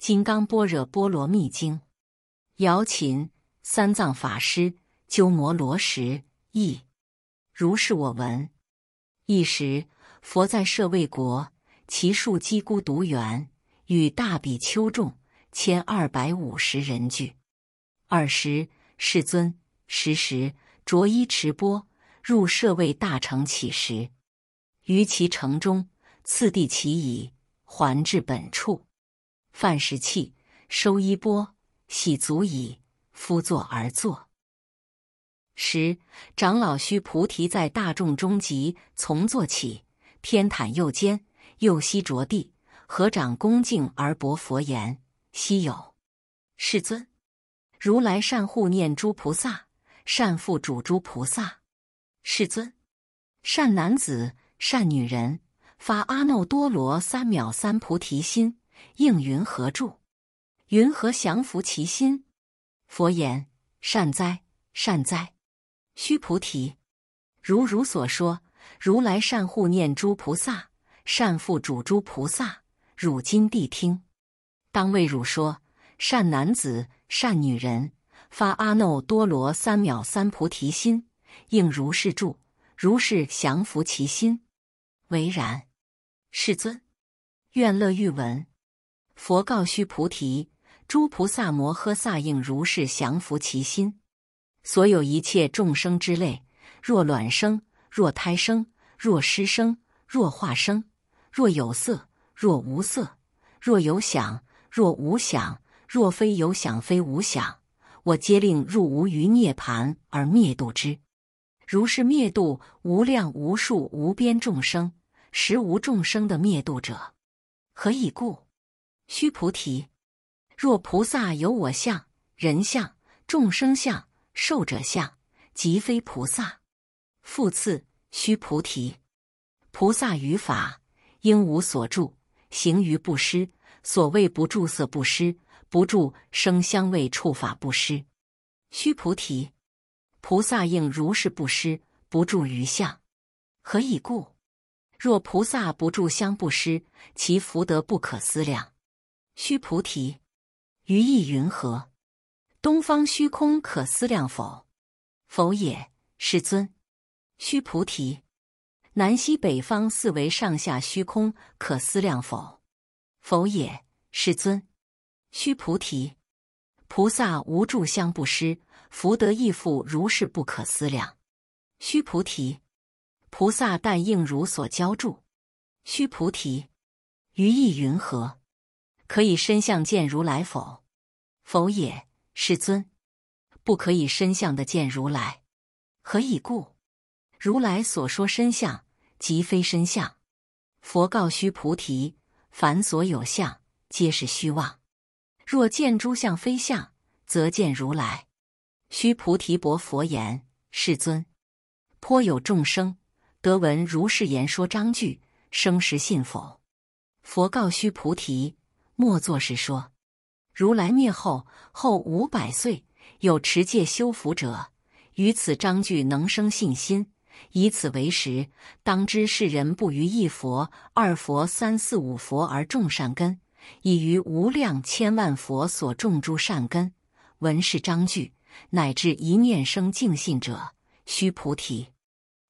《金剛般若波羅蜜經》，姚秦，三藏法師鳩摩羅什譯。如是我聞。一時，佛在舍衛國祇樹給孤獨園，與大比丘眾千二百五十人俱。爾時，世尊食時，着衣持缽，入舍衛大城乞食。於其城中，次第乞已，還至本處。飯食訖，收衣缽，洗足已，敷座而坐。時，長老須菩提在大眾中即從座起，偏袒右肩，右膝着地，合掌恭敬而白佛言：“希有！世尊，如來善護念諸菩薩，善付囑諸菩薩。世尊，善男子、善女人發阿耨多羅三藐三菩提心。”應云何住？云何降伏其心？佛言：善哉，善哉，須菩提，如汝所說，如來善護念諸菩薩，善付囑諸菩薩。汝今諦聽，當為汝說。善男子，善女人發阿耨多羅三藐三菩提心，應如是住，如是降伏其心。唯然，世尊，願樂欲聞。佛告須菩提：“諸菩薩摩訶薩應如是降伏其心。所有一切眾生之類，若卵生，若胎生，若濕生，若化生，若有色，若無色，若有想，若無想，若非有想非無想，我皆令入無餘涅槃而滅度之。如是滅度無量無數無邊眾生，實無眾生得滅度者。何以故？”須菩提，若菩薩有我相、人相、眾生相、壽者相，即非菩薩。復次，須菩提，菩薩於法應無所住，行於布施。所謂不住色布施，不住聲香味觸法布施。須菩提，菩薩應如是布施，不住於相。何以故？若菩薩不住相布施，其福德不可思量。須菩提，於意云何？東方虛空可思量否？否也，世尊。須菩提，南西北方四維上下虛空可思量否？否也，世尊。須菩提，菩薩無住相布施，福德亦復如是不可思量。須菩提，菩薩但應如所教住。須菩提，於意云何？可以身相見如來否？否也，世尊。不可以身相得見如來，何以故？如來所說身相，即非身相。佛告須菩提：凡所有相，皆是虛妄。若見諸相非相，則見如來。須菩提白佛言：世尊，頗有眾生得聞如是言說章句，生實信否？佛告須菩提。莫作是說，如來滅後後五百歲，有持戒修福者，於此章句能生信心，以此為實，當知是人不於一佛二佛三四五佛而種善根，已於無量千萬佛所種諸善根，聞是章句，乃至一念生淨信者，須菩提，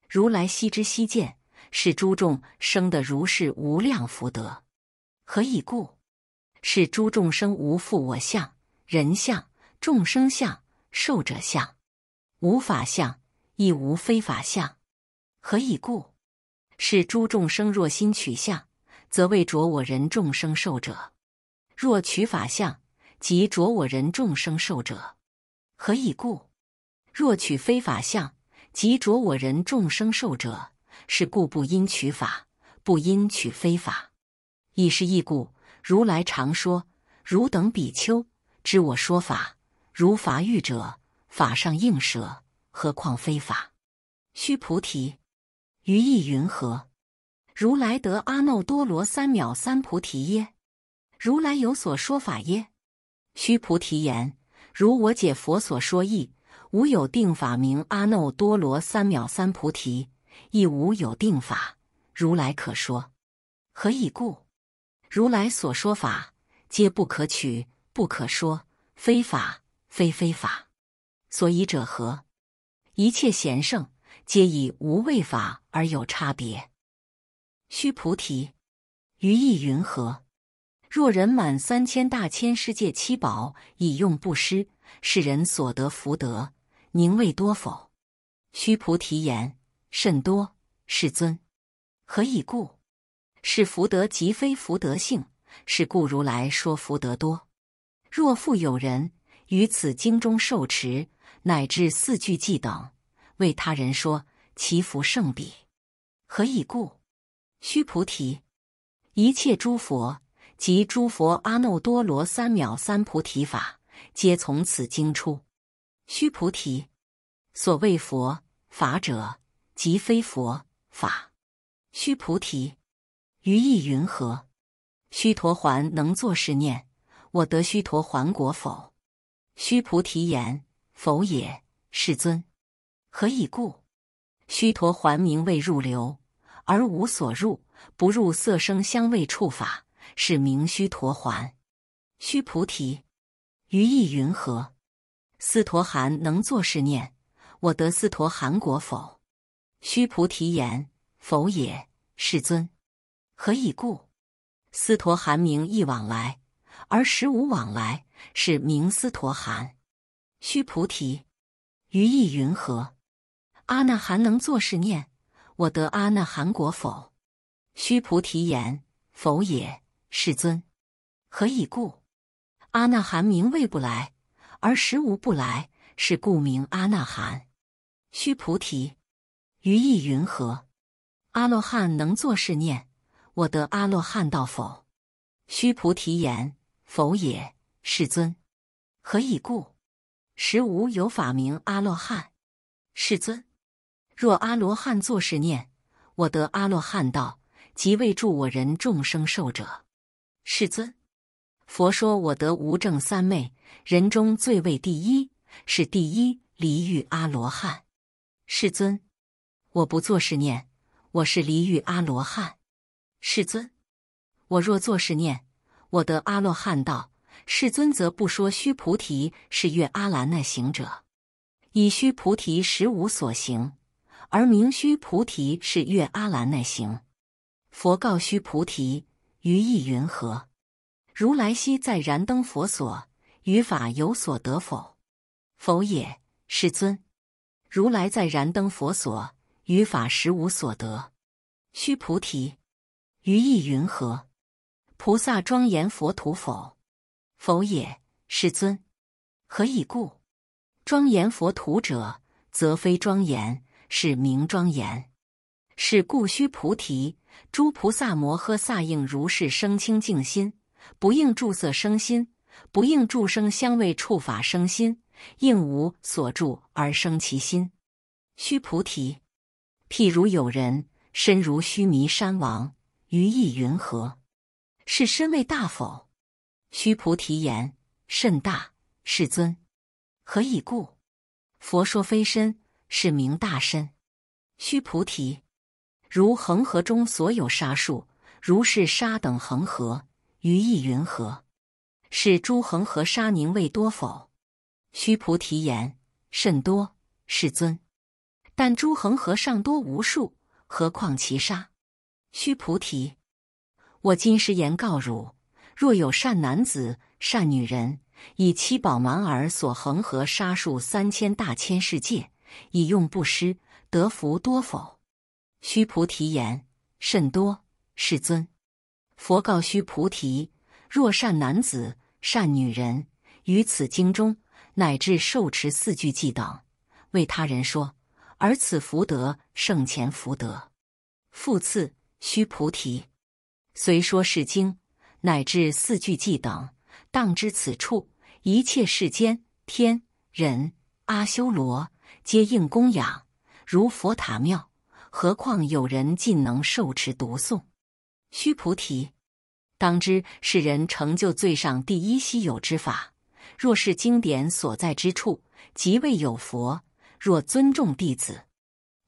如來悉知悉見，是諸眾生得如是無量福德。何以故？是諸眾生無復我相、人相、眾生相、壽者相，無法相，亦無非法相。何以故？是諸眾生若心取相，則為着我人眾生壽者；若取法相，即着我人眾生壽者。何以故？若取非法相，即着我人眾生壽者。是故不應取法，不應取非法，以是義故。如來常說：“汝等比丘，知我說法，如筏喻者，法尚應捨，何況非法？”須菩提，於意云何？如來得阿耨多羅三藐三菩提耶？如來有所說法耶？須菩提言：“如我解佛所說義，無有定法名阿耨多羅三藐三菩提，亦無有定法，如來可說。何以故？”如來所說法，皆不可取，不可說，非法，非非法。所以者何？一切賢聖，皆以無為法而有差別。須菩提，於意云何？若人滿三千大千世界七寶，以用布施，是人所得福德，寧為多否？須菩提言：甚多。世尊，何以故？是福德，即非福德性；是故如來說福德多。若復有人於此經中受持，乃至四句偈等，為他人說，其福勝彼。何以故？須菩提，一切諸佛及諸佛阿耨多羅三藐三菩提法，皆從此經出。須菩提，所謂佛法者，即非佛法。須菩提。於意云何？須陀洹能作是念：“我得須陀洹果否？”須菩提言：“否也，世尊。”何以故？須陀洹名為入流，而無所入，不入色聲香味觸法，是名須陀洹。須菩提，於意云何？斯陀含能作是念：“我得斯陀含果否？”須菩提言：“否也，世尊。”何以故？斯陀含名一往來，而實無往來，是名斯陀含。須菩提，於意云何？阿那含能作是念：我得阿那含果否？須菩提言：否也。世尊，何以故？阿那含名為不來，而實無不來，是故名阿那含。須菩提，於意云何？阿羅漢能作是念？我得阿羅漢道否？須菩提言：否也。世尊，何以故？實無有法名阿羅漢。世尊，若阿羅漢作是念：我得阿羅漢道，即為著我人眾生壽者。世尊，佛說我得無諍三昧，人中最為第一，是第一離欲阿羅漢。世尊，我不作是念，我是離欲阿羅漢。世尊，我若作是念，我得阿羅漢道。世尊則不說須菩提是樂阿蘭那行者，以須菩提實無所行，而名須菩提是樂阿蘭那行。佛告須菩提：於意云何？如來昔在燃燈佛所，於法有所得否？否也。世尊，如來在燃燈佛所，於法實無所得。須菩提。於意云何？菩薩莊嚴佛土否？否也，世尊。何以故？莊嚴佛土者，則非莊嚴，是名莊嚴。是故，須菩提，諸菩薩摩訶薩應如是生清淨心，不應住色生心，不應住聲香味觸法生心，應無所住而生其心。須菩提，譬如有人身如須彌山王。於意云何？是身為大否？須菩提言：甚大，世尊。何以故？佛說非身，是名大身。須菩提，如恆河中所有沙數，如是沙等恆河，於意云何？是諸恆河沙寧為多否？須菩提言：甚多，世尊。但諸恆河尚多無數，何況其沙？須菩提，我今實言告汝：若有善男子、善女人，以七寶滿爾所恆河沙數三千大千世界，以用布施，得福多否？須菩提言：甚多。世尊。佛告須菩提：若善男子、善女人於此經中，乃至受持四句偈等，為他人說，而此福德，勝前福德。復次。須菩提，隨說是經，乃至四句偈等，當知此處一切世間天人阿修羅，皆應供養，如佛塔廟。何況有人盡能受持讀誦？須菩提，當知是人成就最上第一稀有之法。若是經典所在之處，即為有佛。若尊重弟子，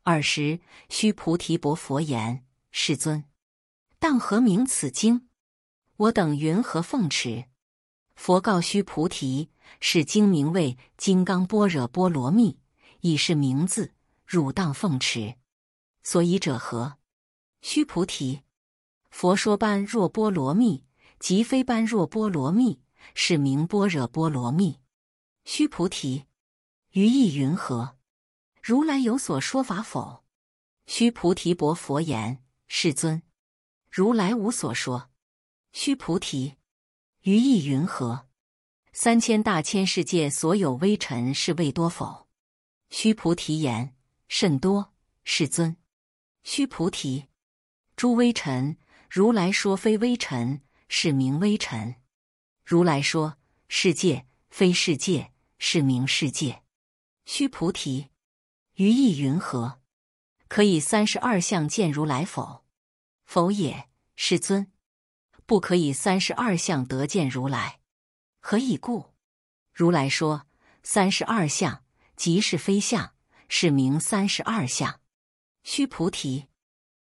爾時須菩提，白佛言。世尊，當何名此經？我等云何奉持？佛告須菩提：是經名為《金剛般若波羅蜜》，以是名字，汝當奉持。所以者何？須菩提，佛說般若波羅蜜，即非般若波羅蜜，是名般若波羅蜜。須菩提，於意云何？如來有所說法否？須菩提白佛言。世尊，如來無所說。須菩提，於意云何？三千大千世界所有微塵是為多否？須菩提言：甚多。世尊。須菩提，諸微塵，如來說非微塵，是名微塵。如來說世界非世界，是名世界。須菩提，於意云何？可以三十二相見如來否？否也，世尊，不可以三十二相得見如來。何以故？如來說三十二相即是非相，是名三十二相。須菩提，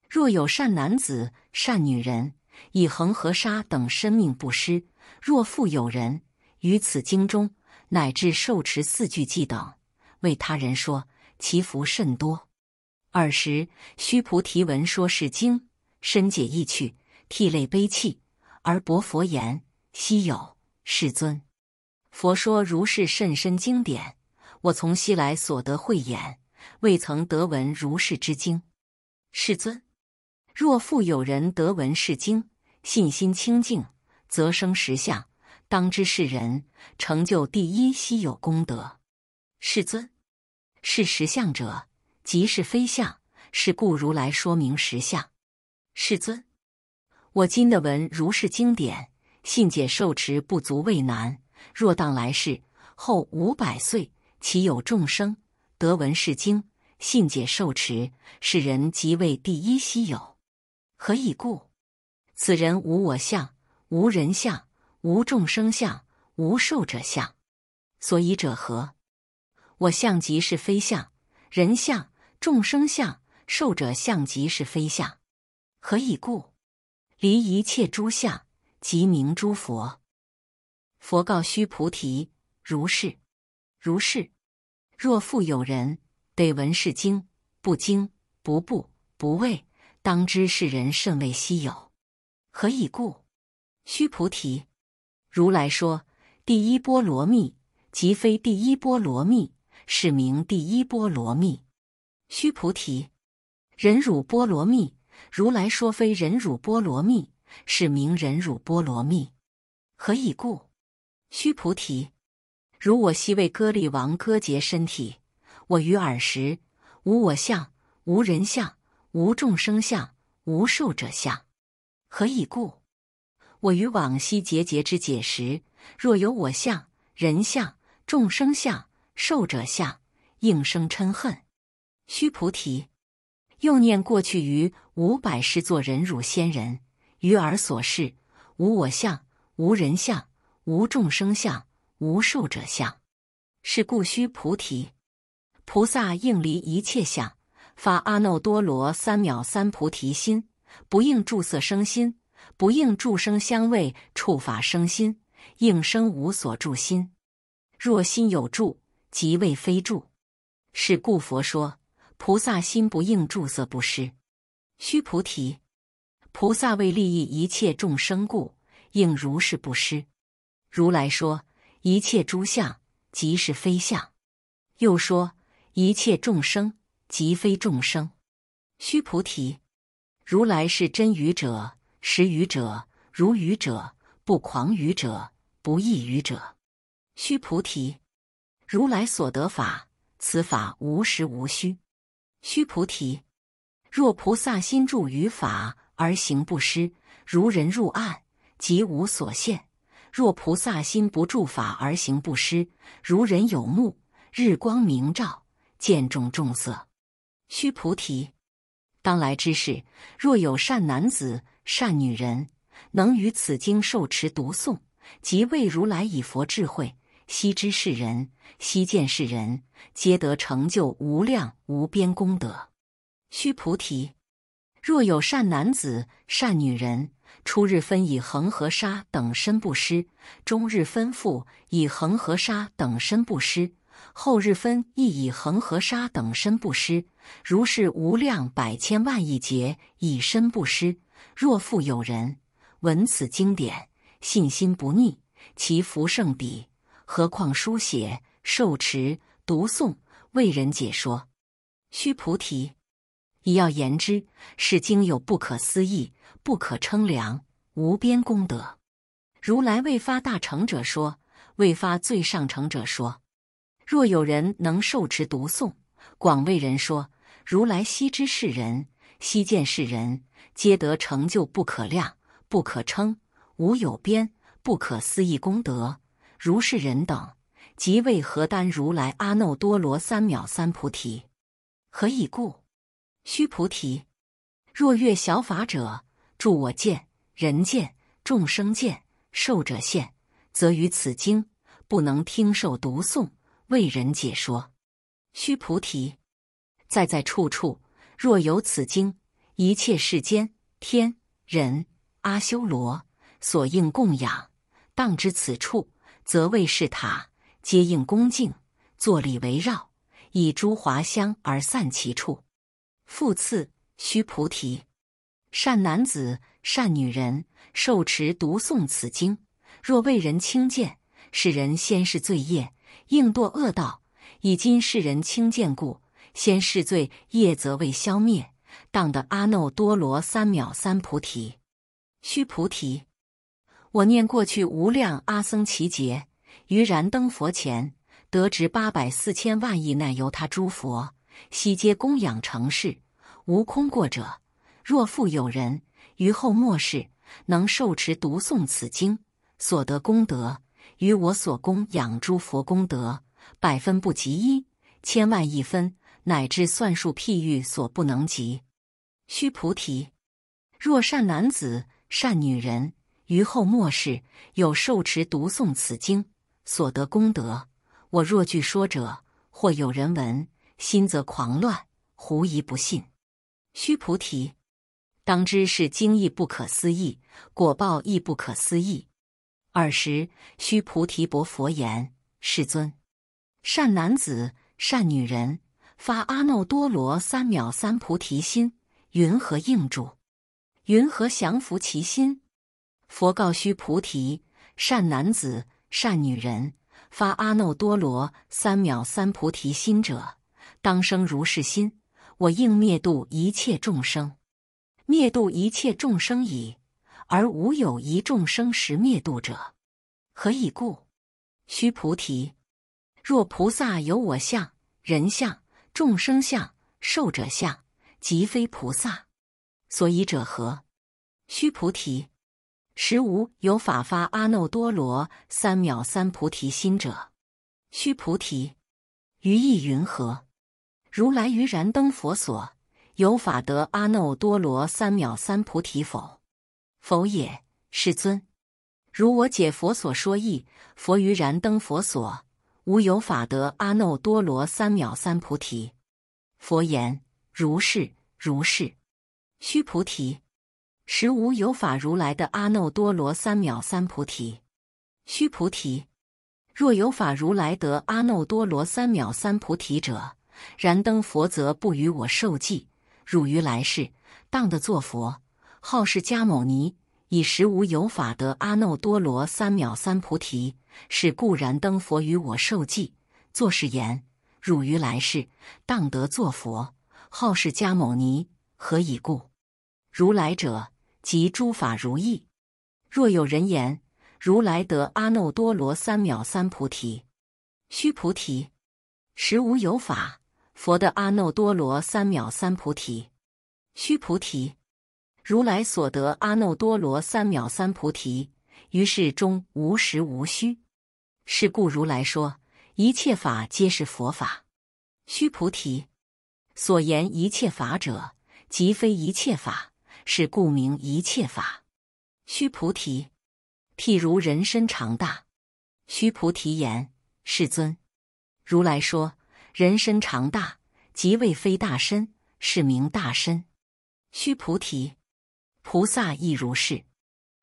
若有善男子、善女人，以恆河沙等生命布施；若復有人於此經中乃至受持四句偈等，為他人說，其福甚多。爾時，須菩提聞說是經。深解意趣，涕淚悲泣，而白佛言：“希有世尊，佛說如是甚深經典，我從昔來所得慧眼，未曾得聞如是之經。世尊，若復有人得聞是經，信心清淨，則生實相，當知是人成就第一希有功德。世尊，是實相者，即是非相，是故如來說名實相。”世尊，我今得聞如是經典，信解受持不足為難。若當來世後五百歲，其有眾生得聞是經，信解受持，是人即為第一希有。何以故？此人無我相，無人相，無眾生相，無壽者相。所以者何？我相即是非相，人相、眾生相、壽者相即是非相。何以故？離一切諸相，即名諸佛。佛告須菩提：如是，如是。若復有人得聞是經，不驚，不怖不，不畏，當知是人甚為希有。何以故？須菩提，如來說第一波羅蜜，即非第一波羅蜜，是名第一波羅蜜。須菩提，忍辱波羅蜜。如來說非忍辱波羅蜜，是名忍辱波羅蜜。何以故？須菩提，如我昔為歌利王割截身體，我於爾時無我相、無人相、無眾生相、無壽者相。何以故？我於往昔節節支解時，若有我相、人相、眾生相、壽者相，應生嗔恨。須菩提。又念過去於五百世作忍辱仙人，於爾所世，無我相、無人相、無眾生相、無壽者相。是故須菩提，菩薩應離一切相，發阿耨多羅三藐三菩提心。不應著色生心，不應著聲香味觸法生心，應生無所著心。若心有住，即為非住。是故佛說。菩薩心不應住色布施，須菩提，菩薩為利益一切眾生故，應如是布施。如來說一切諸相即是非相，又說一切眾生即非眾生。須菩提，如來是真語者，實語者，如語者，不誑語者，不異語者。須菩提，如來所得法，此法無實無虛。須菩提，若菩薩心住於法而行布施，如人入暗，即無所見。若菩薩心不住法而行布施，如人有目，日光明照，見種種色。須菩提，當來之世，若有善男子、善女人，能於此經受持讀誦，即為如來以佛智慧。悉知是人，悉見是人，皆得成就無量無邊功德。須菩提，若有善男子、善女人，初日分以恆河沙等身布施，中日分復以恆河沙等身布施，後日分亦以恆河沙等身布施，如是無量百千萬億劫以身布施，若復有人聞此經典，信心不逆，其福勝彼。何況書寫、受持、讀誦、為人解說，須菩提，以要言之，是經有不可思議、不可稱量、無邊功德。如來為發大乘者說，為發最上乘者說。若有人能受持讀誦，廣為人說，如來悉知是人，悉見是人，皆得成就不可量、不可稱、無有邊、不可思議功德。如是人等，即為荷擔如來阿耨多羅三藐三菩提。何以故？須菩提，若樂小法者，著我見人見眾生見壽者見，則於此經不能聽受讀誦，為人解說。須菩提，在在處處，若有此經，一切世間天人阿修羅所應供養，當知此處。則為是塔，皆應恭敬，作禮圍繞，以諸華香而散其處。復次，須菩提，善男子、善女人受持讀誦此經，若為人輕賤，是人先是罪業，應墮惡道。以今世人輕賤故，先是罪業則未消滅，當得阿耨多羅三藐三菩提。須菩提。我念過去無量阿僧祇劫，於燃燈佛前得值八百四千萬億那由他諸佛，悉皆供養承事，無空過者。若復有人於後末世能受持讀誦此經，所得功德，於我所供養諸佛功德百分不及一，千萬億分乃至算數譬喻所不能及。須菩提，若善男子、善女人。於後末世，有受持讀誦此經所得功德，我若具說者，或有人聞，心則狂亂，狐疑不信。須菩提，當知是經義不可思議，果報亦不可思議。爾時，須菩提白佛言：“世尊，善男子、善女人發阿耨多羅三藐三菩提心，云何應住？云何降伏其心？”佛告須菩提：“善男子、善女人，發阿耨多羅三藐三菩提心者，當生如是心：我應滅度一切眾生，滅度一切眾生已，而無有一眾生實滅度者。何以故？須菩提，若菩薩有我相、人相、眾生相、壽者相，即非菩薩。所以者何？須菩提。”實無有法，發阿耨多羅三藐三菩提心者，須菩提，於意云何？如來於燃燈佛所，有法得阿耨多羅三藐三菩提否？否也，世尊。如我解佛所說義，佛於燃燈佛所，無有法得阿耨多羅三藐三菩提。佛言：如是，如是。須菩提。實無有法如來得阿耨多羅三藐三菩提，須菩提，若有法如來得阿耨多羅三藐三菩提者，燃燈佛則不與我受記，汝於來世當得作佛，號釋迦牟尼，以實無有法得阿耨多羅三藐三菩提，是故燃燈佛與我受記，作是言：汝於來世當得作佛，號釋迦牟尼。何以故？如來者。即諸法如義。若有人言如來得阿耨多羅三藐三菩提，須菩提，實無有法佛得阿耨多羅三藐三菩提。須菩提，如來所得阿耨多羅三藐三菩提，於是中無實無虛。是故如來說一切法皆是佛法。須菩提，所言一切法者，即非一切法。是故名一切法，須菩提，譬如人身長大，須菩提言：世尊，如來說人身長大，即為非大身，是名大身。須菩提，菩薩亦如是。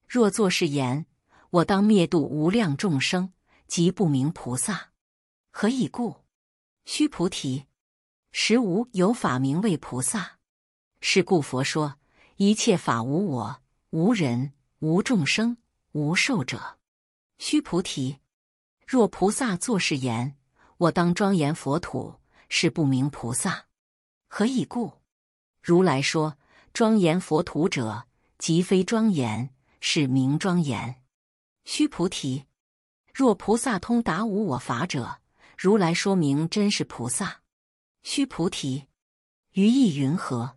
若作是言：我當滅度無量眾生，即不名菩薩。何以故？須菩提，實無有法名為菩薩。是故佛說。一切法無我、無人、無眾生、無壽者。須菩提，若菩薩作是言：“我當莊嚴佛土”，是不名菩薩。何以故？如來說莊嚴佛土者，即非莊嚴，是名莊嚴。須菩提，若菩薩通達無我法者，如來說名真是菩薩。須菩提，於意云何？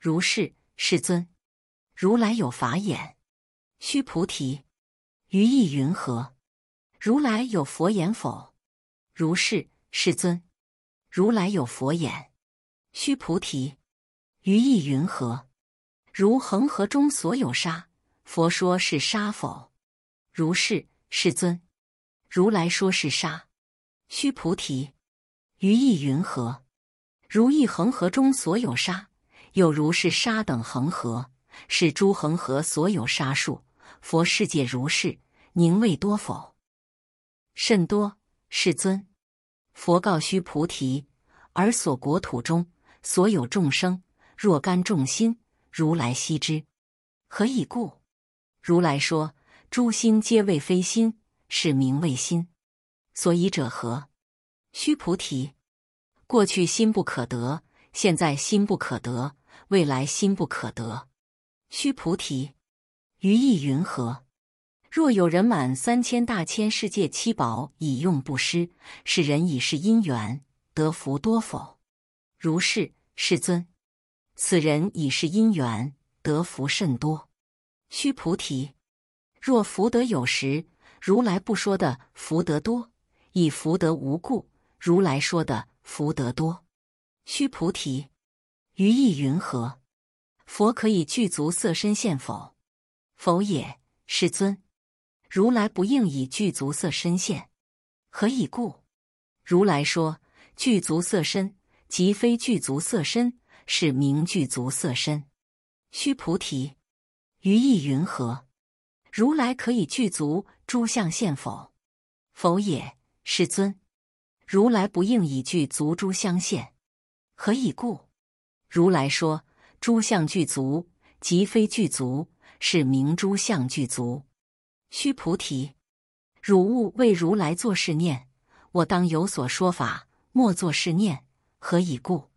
如是，世尊，如來有法眼。須菩提，於意云何？如來有佛眼否？如是，世尊，如來有佛眼。須菩提，於意云何？如恆河中所有沙，佛說是沙否？如是，世尊，如來說是沙。須菩提，於意云何？如一恆河中所有沙。有如是沙等恆河，是諸恆河所有沙數。佛世界如是，寧為多否？甚多，世尊。佛告須菩提：爾所國土中，所有眾生若干眾心，如來悉知。何以故？如來說諸心皆為非心，是名為心。所以者何？須菩提，過去心不可得，現在心不可得。未來心不可得。須菩提，於意云何？若有人滿三千大千世界七寶以用布施，是人以是因緣得福多不？如是，世尊。此人以是因緣得福甚多。須菩提，若福德有實，如來不說得福德多；以福德無故，如來說得福德多。須菩提。於意云何？佛可以具足色身見否？否也，世尊。如來不應以具足色身見，何以故？如來說具足色身，即非具足色身，是名具足色身。須菩提，於意云何？如來可以具足諸相見否？否也，世尊。如來不應以具足諸相見，何以故？如來說：“諸相具足，即非具足，是名諸相具足。”須菩提，汝勿謂如來作是念：“我當有所說法。”莫作是念。何以故？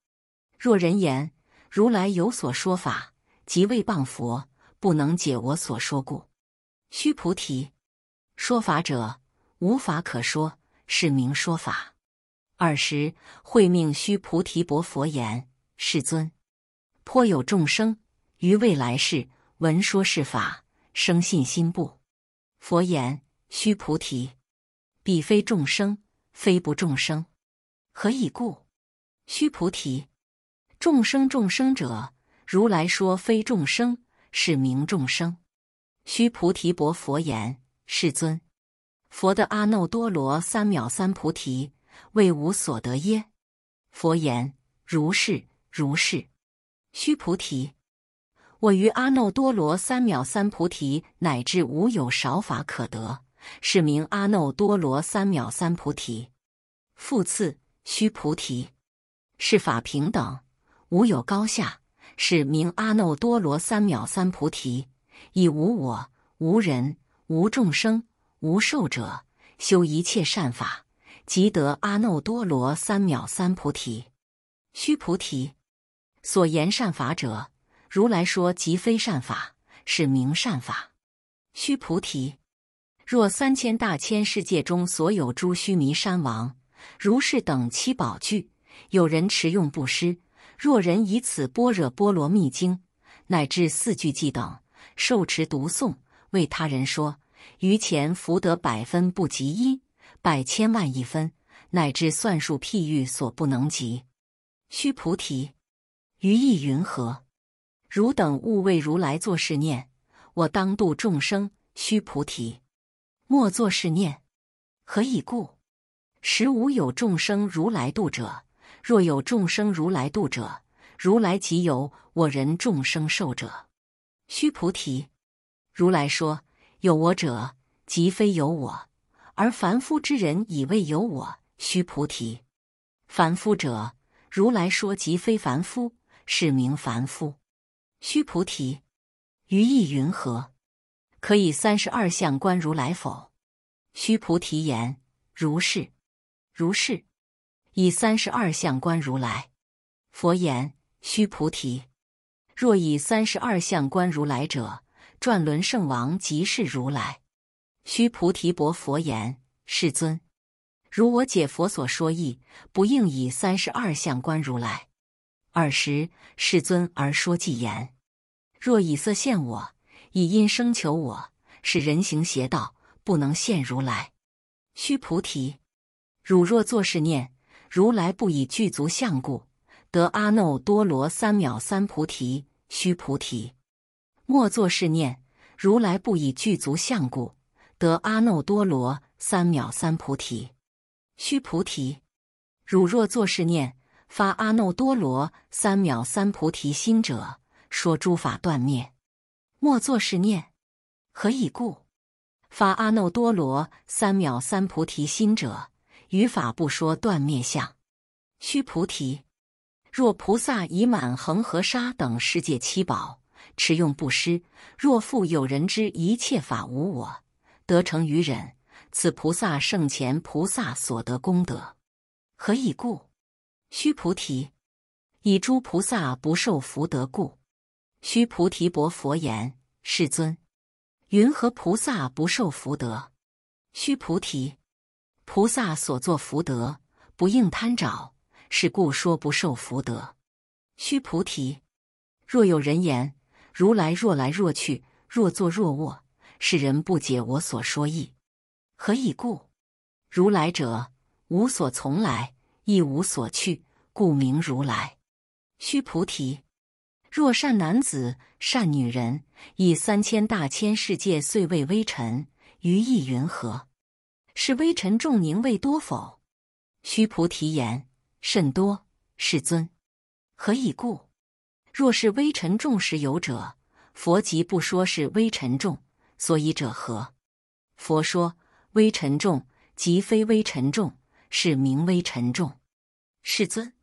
若人言如來有所說法，即為謗佛，不能解我所說故。須菩提，說法者，無法可說，是名說法。爾時，慧命須菩提，白佛言。世尊，頗有眾生於未來世聞說是法生信心不？佛言：須菩提，彼非眾生，非不眾生，何以故？須菩提，眾生眾生者，如來說非眾生，是名眾生。須菩提白佛言：世尊，佛得阿耨多羅三藐三菩提為無所得耶？佛言：如是。如是，須菩提，我於阿耨多羅三藐三菩提，乃至無有少法可得，是名阿耨多羅三藐三菩提。復次，須菩提，是法平等，無有高下，是名阿耨多羅三藐三菩提。以無我、無人、無眾生、無壽者，修一切善法，即得阿耨多羅三藐三菩提。須菩提。所言善法者，如來說即非善法，是名善法。須菩提，若三千大千世界中所有諸須彌山王，如是等七寶聚，有人持用布施；若人以此般若波羅蜜經，乃至四句偈等，受持讀誦，為他人說，於前福德百分不及一，百千萬億分，乃至算數譬喻所不能及。須菩提。於意云何？汝等勿為如來作是念：我當度眾生。須菩提，莫作是念。何以故？實無有眾生如來度者。若有眾生如來度者，如來即有我人眾生壽者。須菩提，如來說有我者，即非有我；而凡夫之人，以為有我。須菩提，凡夫者，如來說即非凡夫。是名凡夫。須菩提，於意云何？可以三十二相觀如來否？須菩提言：如是，如是。以三十二相觀如來。佛言：須菩提，若以三十二相觀如來者，轉輪聖王即是如來。須菩提白佛言：世尊，如我解佛所說義，不應以三十二相觀如來。爾時，世尊而說偈言：“若以色見我，以音聲求我，是人行邪道，不能見如來。”須菩提，汝若作是念：“如來不以具足相故，得阿耨多羅三藐三菩提。”須菩提，莫作是念：“如來不以具足相故，得阿耨多羅三藐三菩提。”須菩提，汝若作是念。發阿耨多羅三藐三菩提心者，說諸法斷滅，莫作是念。何以故？發阿耨多羅三藐三菩提心者，於法不說斷滅相。須菩提，若菩薩以滿恆河沙等世界七寶持用布施，若復有人知一切法無我，得成於忍，此菩薩勝前菩薩所得功德。何以故？須菩提，以諸菩薩不受福德故。須菩提，白佛言：世尊，云何菩薩不受福德？須菩提，菩薩所作福德，不應貪着。是故說不受福德。須菩提，若有人言如來若來若去若坐若臥，是人不解我所說意。何以故？如來者，無所從來。亦無所去，故名如來。須菩提，若善男子、善女人以三千大千世界碎為微塵，於意云何？是微塵眾寧為多否？須菩提言：甚多。世尊，何以故？若是微塵眾實有者，佛即不說是微塵眾。所以者何？佛說微塵眾即非微塵眾。是名微塵眾，世尊，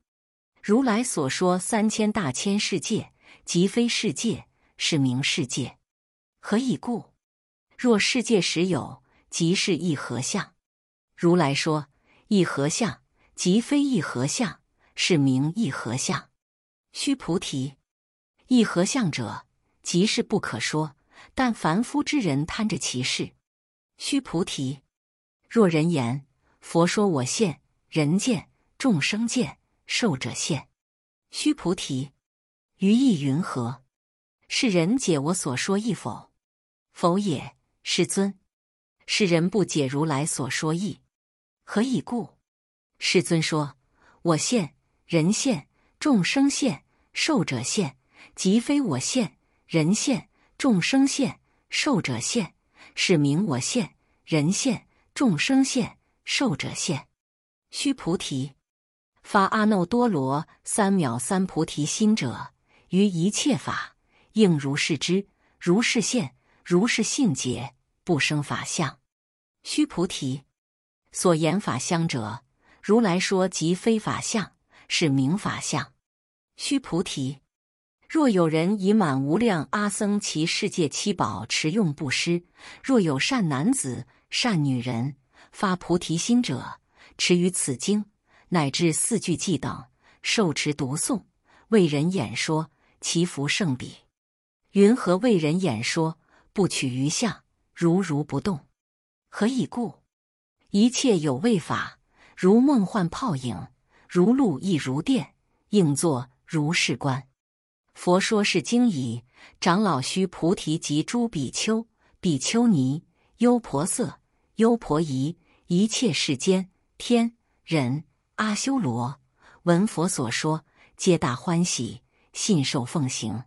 如來所說三千大千世界，即非世界，是名世界。何以故？若世界實有，即是一合相。如來說一合相，即非一合相，是名一合相。須菩提，一合相者，即是不可說。但凡夫之人貪着其事。須菩提，若人言。佛說我見、人見、眾生見、壽者見。須菩提，於意云何？是人解我所說義否？否也。世尊，是人不解如來所說義。何以故？世尊說：我見、人見、眾生見、壽者見。即非我見、人見、眾生見、壽者見。是名我見、人見、眾生見、壽者見，須菩提，發阿耨多羅三藐三菩提心者，於一切法應如是知，如是見，如是信解，不生法相。須菩提，所言法相者，如來說即非法相，是名法相。須菩提，若有人以滿無量阿僧祇世界七寶持用布施，若有善男子、善女人。發菩提心者，持於此經乃至四句偈等，受持讀誦，為人演說，其福勝彼。云何為人演說？不取於相，如如不動。何以故？一切有為法，如夢幻泡影，如露亦如電，應作如是觀。佛說是經已，長老須菩提及諸比丘、比丘尼、優婆塞、優婆夷。一切世間天人阿修羅，聞佛所說，皆大歡喜，信受奉行。